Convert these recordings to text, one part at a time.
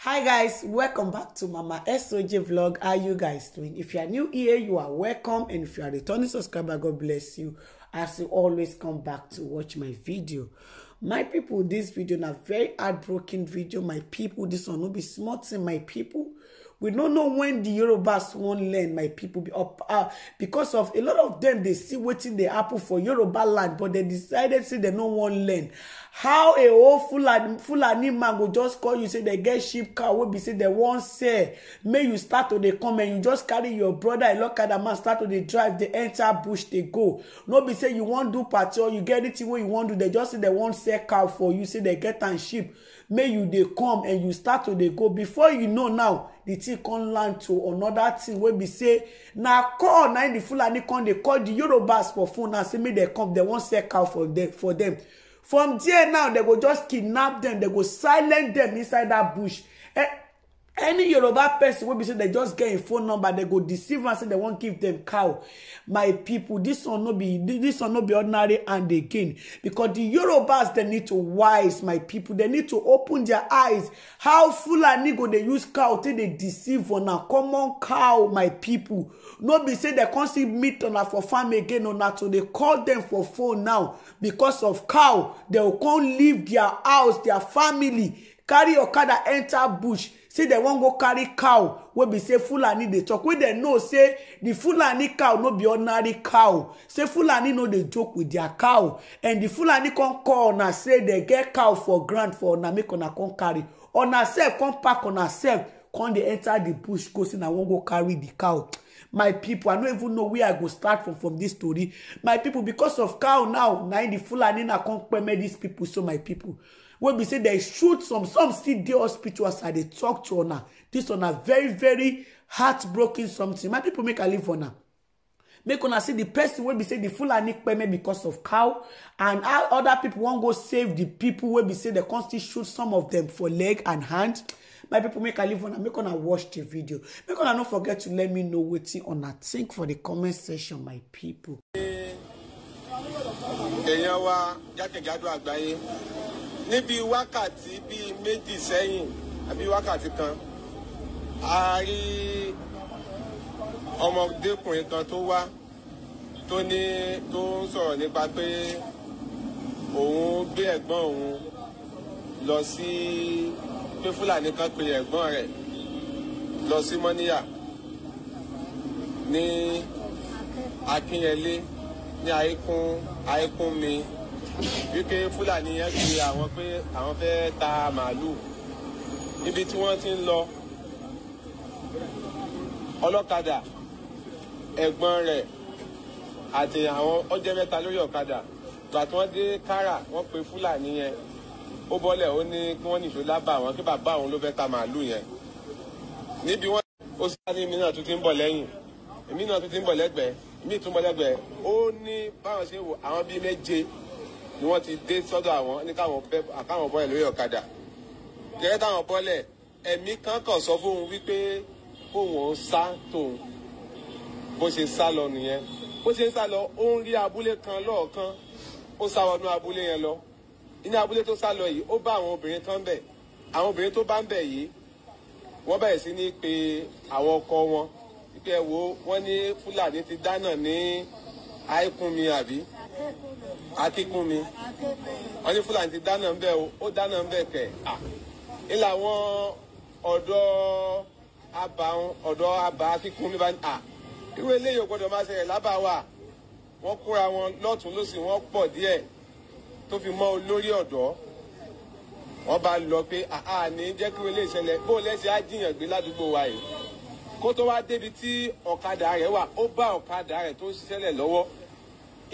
hi guys welcome back to mama soj vlog how you guys doing if you are new here you are welcome and if you are returning subscriber god bless you as you always come back to watch my video my people this video na very heartbroken video my people this one will be small thing my people we don't know when the yorubas won't learn my people be up uh, because of a lot of them they see waiting the apple for yoruba land but they decided say they no wan learn how a whole fulani fulani man go just call you say dem get sheep cow wey be say dem wan sell May you start to dey come and you just carry your brother elokada man start to dey drive dey enter bush dey go no be say you wan do party or you get anything wey you wan do dem just say dem wan sell cow for you say dem get am sheep May you dey come and you start to dey go before you know now the thing come land to another thing wey be say na call na the fulani come dey call the yorubas for phone and say make dem come dem wan sell cow for them for them from there now they go just kidnap them. They go silent them inside that bush eh, any yoruba person wey be say dem just get im phone number dem go deceive am say dem wan give dem cow my pipo dis one no be be ordinary hand again because di yorubas dem need to wise my pipo dem need to open their eyes how fulani go dey use cow till dey deceive una common cow my pipo no be say dem can't see meat una for farm again una to dey call dem for phone now because of cow dem go come leave their house their family carry okada enter bush say they won't go carry cow wey be say fulani dey talk wey dem know say di fulani cow no be ordinary cow say fulani no dey joke with their cow and di fulani con call una say they get cow for grant for na make una con carry una sef come pack una sef come dey enter the bush go say na wan go carry the cow my people i don't even know where i go start from from this story my people because of cow now now im the fulani na come permit these people so my people Where we say dem shoot some some still dey hospital as i dey tok to una This una very very heartbroken something my people make a live una make una see the person wey be say di fulani payment because of cow and how oda pipo wan go save the people wey be say they constantly shoot some of them for leg and hand my people make a live una make una watch the video make una not forget to let me know what wetin una think for the comment section my people níbi wákàtí bíi méjì sẹ́yìn àbí wákàtí kan a rí ọmọdékùnrin kan tó wá tó ní tó ń sọ̀rọ̀ nípa pé òun gbé ẹ̀gbọ́n òun lọ sí pé fúlàní kan pe ẹ̀gbọ́n rẹ̀ lọ sí mọ́níyà ní akínyẹlé ní àìkún àìkún mi wípé fúlàní yẹn pe àwọn pé àwọn fẹ́ ta màálù níbi tí wọ́n ti ń lọ ọlọ́kadà ẹ̀gbọ́n rẹ̀ àti àwọn ọjẹ́ mẹ́ta lórí ọ̀kadà gbà tí wọ́n dé kára wọ́n pe fúlàní yẹn ó bọ́lẹ̀ ó ní kí wọ́n nìṣó lábà àwọn kí bàbá òun ló fẹ́ ta màálù yẹn níbi wọ́n ó sì ní èmi náà tún ti ń bọ̀ lẹ́yìn èmi náà tún ti ń bọ̀ lẹ́gbẹ̀ẹ́ èmi tún bọ̀ lẹ́gbẹ̀ẹ́ ó ní báwọn ṣe wò àwọn bíi méje ni wọ́n ti dé sọ́dọ̀ àwọn ní káwọn bọ́ọ̀lù lórí ọ̀kadà gẹ́gẹ́ táwọn bọ́ọ̀lẹ̀ ẹ̀mí kan kàn sọ fóun wípé fóun ò sá tóun bó ṣe sá lọ nìyẹn bó ṣe ń sá lọ ó ń rí abúlé kan lọ́ọ̀kan ó sá wọnú abúlé yẹn lọ inú abúlé tó sá lọ yìí ó bá àwọn obìnrin kan bẹ̀ àwọn obìnrin tó bá ń bẹ̀ yìí wọ́n bẹ̀rẹ̀ sí ní pe àwọn ọkọ wọn pípẹ́ wo wọ́n ní fúlàní ti dáná ní àìkúnmi àbí akíkúnmi wọ́n ní fúlàní ti dáná ńbẹ o ó dáná ńbẹ kẹ̀ à ńlá wọn ọ̀dọ́ àbá ọ̀dọ́ àbá akíkúnmi bá ní à irú eléyìí ò gbọ́dọ̀ máa ṣẹlẹ̀ lábà wa wọ́n kóra wọn lọ́tún lọ́sì wọ́n pọ̀ díẹ̀ tó fi mọ́ olórí ọ̀dọ́ wọ́n bá lọ pé àá ní jẹ́ kí wọ́n lè ṣẹlẹ̀ bó lẹ́sẹ̀ á jiyàn gbé ládùúgbò wa yìí kó tó wá débi tí ọ̀kadà rẹ̀ wà ó bá ọ̀kadà rẹ̀ tó ṣiṣẹ́lẹ̀ lọ́wọ́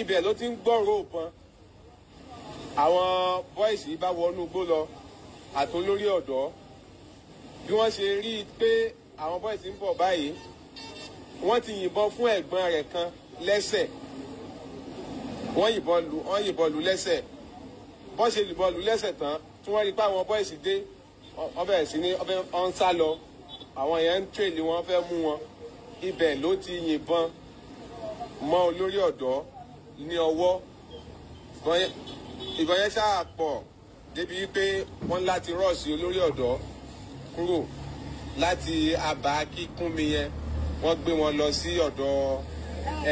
ibẹ̀ ló ti ń gbọ́rọ̀ òpọn àwọn bọ́ìsì bá wọnú igbó lọ àtolórí ọ̀dọ́ bí wọ́n ṣe rí i pé àwọn bọ́ìsì ń bọ̀ báyìí wọ́n ti yìnbọn fún ẹ̀gbọ́n rẹ̀ kan lẹ́sẹ̀ wọ́n yìnbọn lù wọ́n yìnbọn lù lẹ́sẹ̀ bọ́n ṣe yìnbọn lù lẹ́sẹ̀ tán tí wọ́n rí i pé àwọn bọ́ìsì dé wọ́n bẹ̀rẹ̀ sí ní wọ́n ń sá lọ àwọn yẹn ń tẹ̀lé wọn fẹ́ mú wọn ibẹ̀ ló ti yìnbọn mọ́ olórí ọ̀dọ́ ní ọwọ́ ìbọn yẹn ṣáà pọ̀ débi wípé wọ́n láti rọ́ọ̀sì olórí ọ̀dọ́ kúrò láti àbá kíkúnmi yẹn wọ́n gbé wọn lọ sí ọ̀dọ̀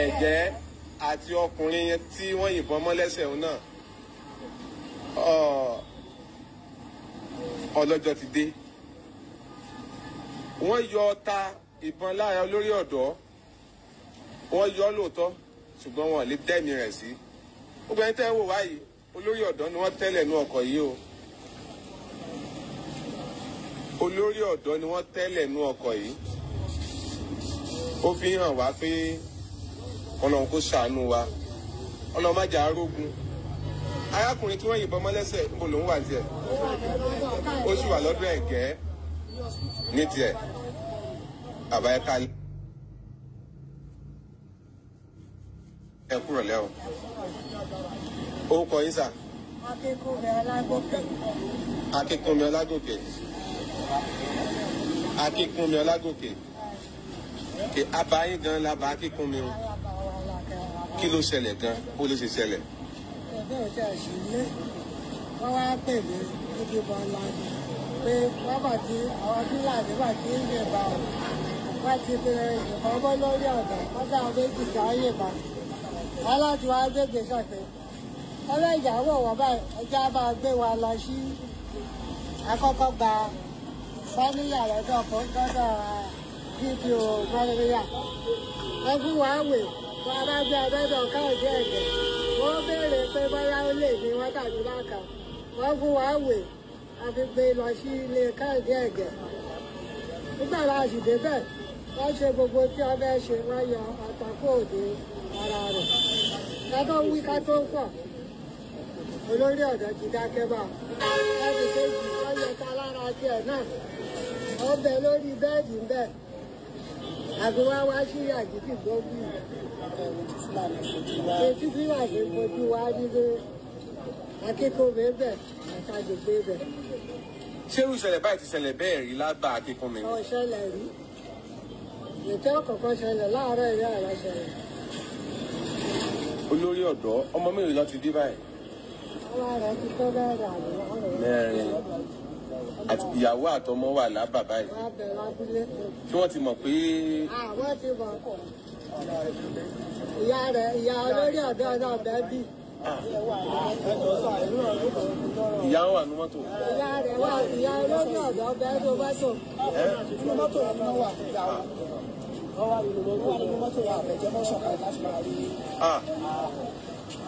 ẹ̀jẹ̀ àti ọkùnrin yẹn tí wọ́n yìnbọn mọ́ lẹ́sẹ̀ òun náà ọlọ́jọ́ ti dé wọ́n yọ ọta ìbọn lára olórí ọ̀dọ́ wọ́n yọ lóòótọ́ ṣùgbọ́n wọn lè dẹ́mi rẹ̀ sí. obìnrin tẹ́ ń wò wáyìí olórí ọ̀dọ́ ni wọ́n tẹ́lẹ̀ nú ọkọ̀ yìí o. olórí ọ̀dọ́ ni wọ́n tẹ́lẹ̀ nú ọkọ̀ yìí. ó fi hàn wá pé ọlọ́run kò ṣàánú wa ọlọ́run má jà á rógun. arákùnrin tí wọ́n yìnbọn mọ́ lẹ́sẹ̀ níbo lòún wà tiẹ̀ ó sì wà lọ́dọ̀ ẹ̀gẹ́ ní tiẹ̀ àbáyé kálí. ẹ kúrò lẹ́ o orúkọ yín sà. akínkúnmi ọlágòkè. akínkúnmi ọlágòkè. akínkúnmi ọlágòkè. kì abayín gan la bá akínkúnmi o kí ló ṣẹlẹ̀ gan ó ló ṣe ṣẹlẹ̀. ẹgbẹ́ òjò àṣìlẹ̀ wọ́n wá pè mí níbi bọ́lá pé bàbá tí àwọn fúlàní bá ti ń yìnbọn wọ́n ti fi ìbọn lórí ọ̀dọ̀ wọ́n dáhùn méjì ká yìnbọn aláàtí wa gègé sàpé ọlọ́ìyàwó wọ̀ báyìí ẹja bá gbé wa lọ sí akọ́kọ́ gba fámílà lọ́dọ̀ kó gbọ́dọ̀ fídíò mọ́lẹ́yà ẹbí wa wè wọn bá gbé ọdọ́dọ̀ káàdì ẹ̀jẹ̀ wọ́n béèrè pé bóyá ó lè ní wọ́n tàbí bákan wọ́n fún wa wè àfi gbé lọ sí ilé káàdì ẹ̀jẹ̀ nígbà láti débẹ̀ wọ́n ṣe gbogbo tí wọ́n fẹ́ ṣe wọ́n yọ àtàkùn òde ara rẹ̀ kátó wí kátó kọ̀ olórí ọ̀dọ́ ti dákẹ́ bá láti kéjì ọ̀yẹ̀ta lára tiẹ̀ náà ó bẹ lórí bẹ́ẹ̀dì ń bẹ̀ àti wá wá sí àjíjì gbógbì ètí tí wà ní fojú wa nílé akíkọ̀wé bẹ̀ àtàgbègbè bẹ̀. ṣé irú ìṣẹ̀lẹ̀ báyìí ti ṣẹlẹ̀ bẹ́ẹ̀ rí lágbà akíkọ̀wé? ọ̀ṣẹlẹ̀ rí ètò ọ̀kọ̀ọ̀kan ṣẹlẹ̀ láàárọ̀ ìyá àrà olórí ọ̀dọ́ ọmọ mélòó ló ti dé báyìí. mẹ́rin àti ìyàwó àtọmọ wà lábà báyìí. tí wọ́n ti mọ̀ pé. àwọn ah, ti mọ̀ kọ́ ìyá rẹ̀ ìyá olórí ọ̀dọ́ náà bẹ́ẹ̀ bí ah. ìyá wà ní mọ́tò. ìyá rẹ̀ wà ìyá olórí ọ̀dọ́ bẹ́ẹ̀ tó mọ́tò. ẹ ní mọ́tò yẹn ni wọ́n ìyá wa. wọ́n wà nínú mọ́tò mọ́sàn-án láti máa rí ah.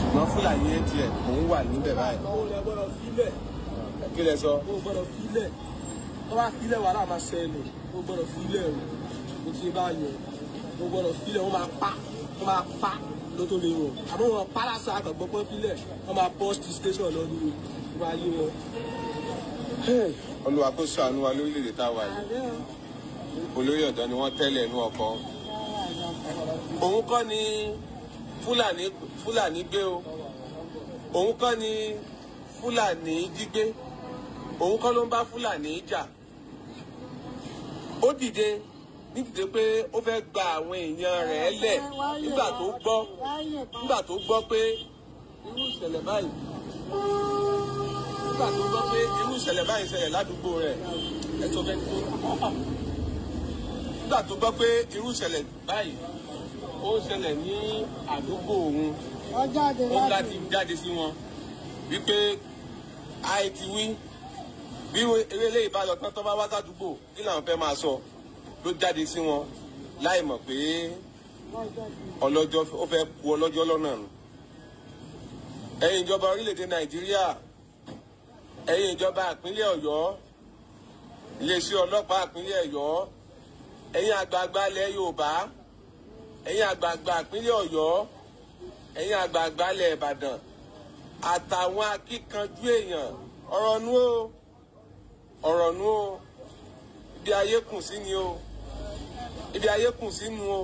ṣùgbọ́n fúlàní ẹ̀ tiẹ̀ òun wà níbẹ̀ báyìí. kí lẹ sọ. o gbọ́dọ̀ fílẹ̀ tó bá fílẹ̀ wàhálà máa ṣẹlẹ̀ o gbọ́dọ̀ fílẹ̀ o o ti bá yẹn o gbọ́dọ̀ fílẹ̀ o máa pa o máa pa ló tó lè wọ̀ àmọ́ wọn pa lásán àgbọ̀gbọ́n fílẹ̀ máa bọ́ sí station lọ ní o máa yé wọn. olùwà kó sọ àánú wa lórílẹ̀ tá a wà yìí olóyè ọ̀dọ́ ni wọ́n tẹ́lẹ̀ inú ọkọ̀ òun kọ́ ni fúlàní fúlàní gbé o òun kọ́ ni fúlàní dígbé òun kọ́ ló ń bá fúlàní jà ó dìde nídìde pé ó fẹ́ gba àwọn èèyàn rẹ̀ lẹ̀ nígbà tó gbọ́ nígbà tó gbọ́ pé irú ìṣẹ̀lẹ̀ báyìí nígbà tó gbọ́ pé irú ìṣẹ̀lẹ̀ báyìí ṣẹlẹ̀ ládùúgbò rẹ̀ ẹ̀ tó fẹ́ kú nígbà tó gbọ́ pé irú ìṣẹ̀lẹ̀ báyìí ó ṣẹlẹ̀ ní àdúgbò òun ó láti jáde sí wọn wípé àìtí wí bí eré eléyìí bá lọ tán tó bá wá sádùúgbò kí làwọn fẹ́ máa sọ ló jáde sí wọn láì mọ̀ pé ọlọ́jọ́ ó fẹ́ ku ọlọ́jọ́ lọ́nà nù ẹ̀yin ìjọba orílẹ̀-èdè nàìjíríà ẹ̀yin ìjọba ìpínlẹ̀ ọ̀yọ́ iléeṣẹ́ ọlọ́pàá ìpínlẹ̀ ọ̀yọ́ ẹ̀yin àgbààgbà ilẹ̀ yorùbá ẹ̀yin àgbààgbà ìpínlẹ̀ ọ̀yọ́ ẹ̀yin àgbààgbà ilẹ̀ ìbàdàn àtàwọn akíkanjú èèyàn ọ̀rọ̀ nu o ọ̀rọ̀ nu o ibi ayé kùn sí ni o ibi ayé kùn sí nu o.